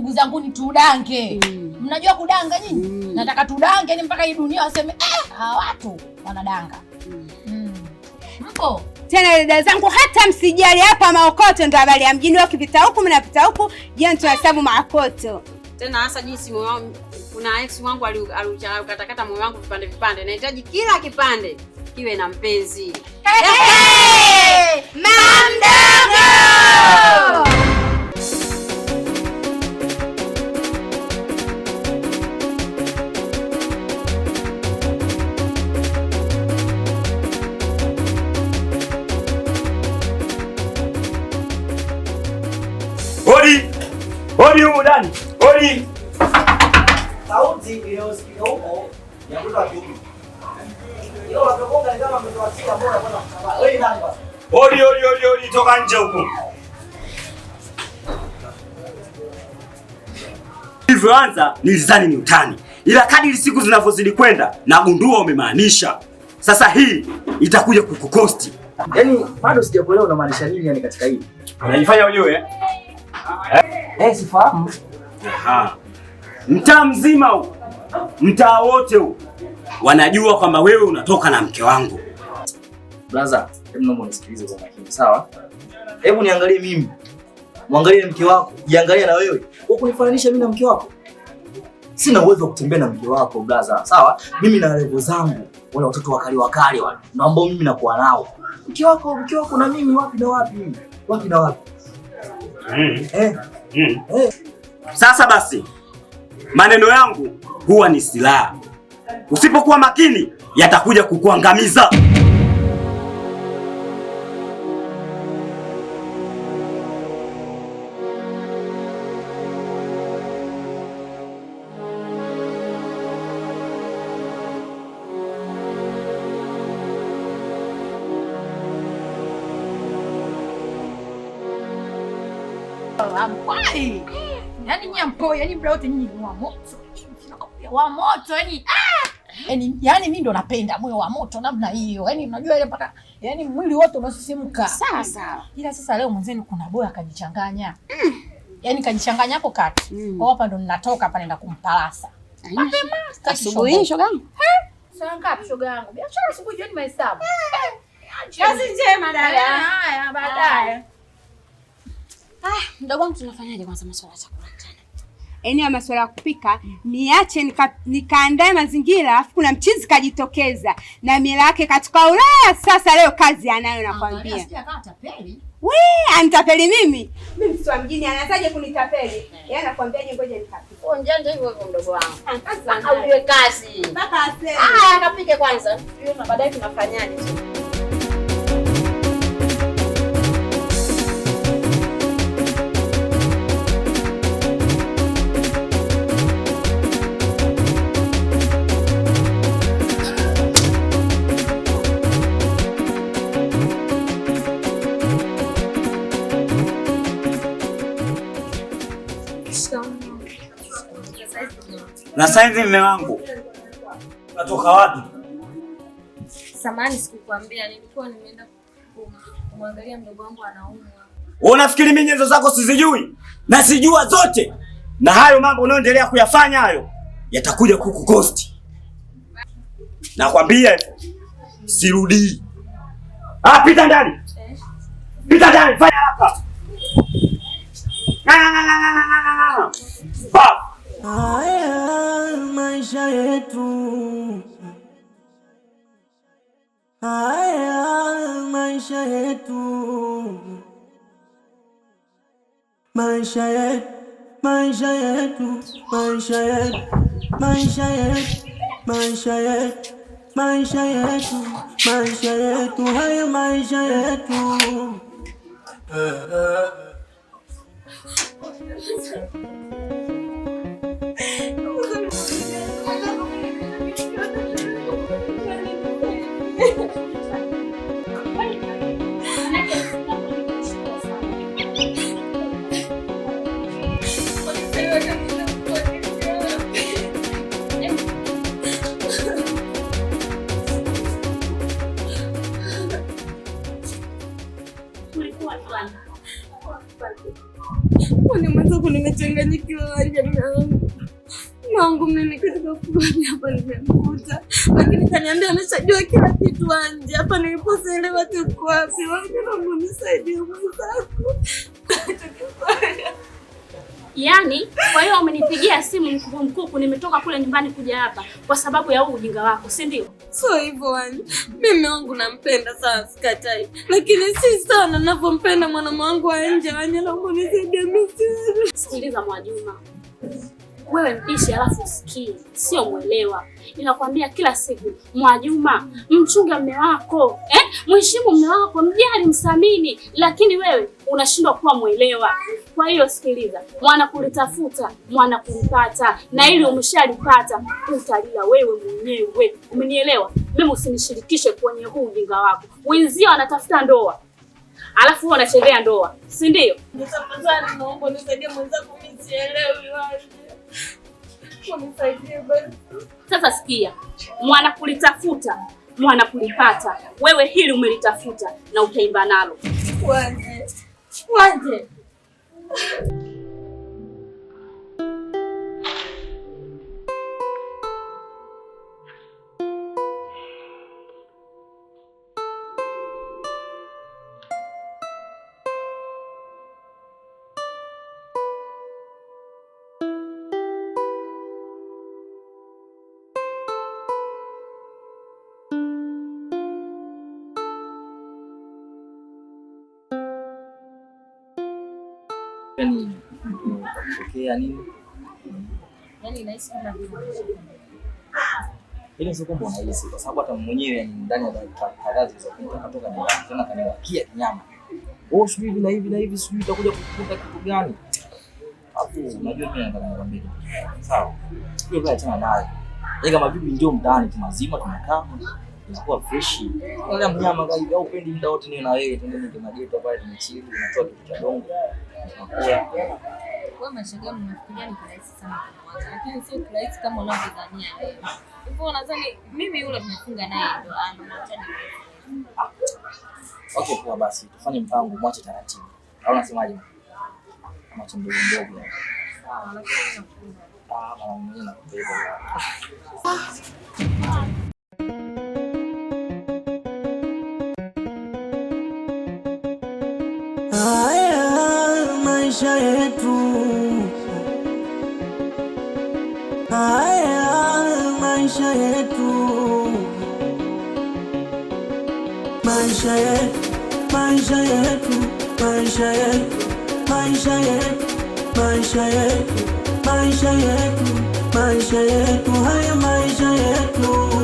ndugu zangu ni tudange. Mm. Mnajua kudanga nyinyi? Mm. Nataka tudange ni mpaka hii dunia waseme eh, hawa watu wanadanga. Mm. Mm. Mpo tena dada zangu, hata msijali, hapa maokoto ndo habari ya mjini. wakipita huku mnapita huku, jana tunahesabu maokoto tena hasa jinsi kuna ex wangu alikatakata moyo wangu vipande vipande, nahitaji kila kipande kiwe na mpenzi. Hey, hey, hey, mamdogo Odi huko ndani. Odi. Sauti iliyosikika huko ya mtu akiume. Yeye anapokonga kama ametoa bora bwana mtawala. Wewe nani basi? Odi odi odi toka nje huko. nilizani ni utani. Ila kadiri siku zinavyozidi kwenda nagundua umemaanisha. Sasa hii itakuja kukukosti. Yaani bado sijakuelewa unamaanisha nini yani katika hili. Unajifanya ujue eh? eh? Eh, sifahamu. Aha. Mtaa mzima huu, mtaa wote huu wanajua kwamba wewe unatoka na mke wangu. Brother, hebu naomba unisikilize kwa makini, sawa? Hebu niangalie mimi. Muangalie mke wako, jiangalie na wewe. kunifananisha mimi na mke wako? Sina uwezo wa kutembea na mke wako brother, sawa? Mimi na levo zangu, wale watoto wakali wakali wale. Naomba mimi kuwa nao. Mke wako, mke wako na mimi wapi na wapi? Wapi na wapi? Mm. Eh. Mm. Sasa basi maneno yangu huwa ni silaha, usipokuwa makini yatakuja kukuangamiza. yani Yaani nyampo, yaani mda wote nyinyi ni wa moto. Wa moto yaani ah! Yaani mimi ndo napenda moyo wa moto namna hiyo. Yaani unajua ile mpaka yaani mwili wote unasisimka. Sawa sawa. Ila sasa leo mwenzenu kuna boya kajichanganya. Mm. Yaani kajichanganya hapo kati. Mm. Kwa hapa ndo ninatoka hapa naenda kumpalasa. Asubuhi hii shoga Saa ngapi shoga Biashara asubuhi jioni mahesabu. Kazi njema dada. Haya baadaye. Ah, mdogo wangu tunafanyaje kwanza masuala ya chakula tena? Yaani ya masuala ya kupika mm. Niache nika, nikaandae mazingira afu kuna mchizi kajitokeza na mila yake katika Ulaya sasa leo kazi anayo nakwambia. We, ah, anitapeli mimi. Mimi mtu wa mjini anataje kunitapeli? Yeye anakwambia ngoja nikapike. Oh, njanja hivyo hivyo mdogo wangu. Ah, kazi. Au iwe kazi. Mpaka aseme. Ah, kapike kwanza. Hiyo baadaye tunafanyaje? Na sasa hivi mume wangu natoka wapi? Samani, sikukwambia nilikuwa nimeenda kumwangalia mdogo wangu anaumwa. Unafikiri mimi nyenzo zako sizijui? Na sijua zote, na hayo mambo unayoendelea kuyafanya hayo yatakuja kukukosti. Nakwambia hivyo, sirudii. Ah, pita ndani, eh? pita ndani, fanya yetu, haya maisha yetu, maisha yetu, maisha yetu, maisha yetu, maisha yetu, maisha yetu, maisha yetu, maisha yetu, haya maisha yetu eh, eh. Mwanangu, nimechanganyikiwa mangu mimi katika fulani hapa nimemkuta, lakini kaniambia ameshajua kila kitu wanje hapa niliposelewa tuko wapi? Wangu nisaidie Mungu zako Yaani, kwa hiyo umenipigia simu mkuku mkuku, nimetoka kule nyumbani kuja hapa kwa sababu ya huu ujinga wako, si ndio? So hivyo wani, mimi wangu nampenda sana, sikatai, lakini si sana navyompenda mwanamwangu wa nje. Sikiliza Mwajuma wewe mpishi alafu usikie, sio mwelewa. Ninakwambia kila siku, Mwajuma, mchunge mme wako eh, mheshimu mme wako, mjali, msamini, lakini wewe unashindwa kuwa mwelewa. Kwa hiyo sikiliza, mwana kulitafuta mwana kulipata, na ili umeshalipata utalila wewe mwenyewe. Umenielewa? Mimi usinishirikishe kwenye huu ujinga wako. Wenzio wanatafuta ndoa alafu wanachezea unachezea ndoa, si ndio? Sasa sikia, mwana kulitafuta mwana kulipata. Wewe hili umelitafuta na utaimba nalo. Wanje. Wanje. yani kupokea nini, yani sio kwamba unahisi, kwa sababu hata mwenyewe ndani ya dakika kadhaa zilizopita katoka ndani tena kaniwakia kinyama, oh, sijui hivi na hivi na hivi, sijui itakuja kukuta kitu gani. Hapo unajua mimi nataka nikwambie, sawa, hiyo bado tena naye yeye kama bibi, njoo mtaani tu tunakaa inakuwa fresh. Wala mnyama gani au pendi muda wote ni na wewe, tunaenda kwa mageto pale, tunachili tunatoa kitu cha dongo kwa maisha gani Okay, poa basi. Tufanye mpango mwache taratibu. Au unasemaje? Mwache mdogo mdogo. Ah, lakini nakupenda. Ah, mama mwenyewe nakupenda. Ah. maisha yetu haya maisha yetu maisha yetu maisha yetu maisha yetu maisha yetu maisha yetu maisha yetu maisha yetu haya maisha yetu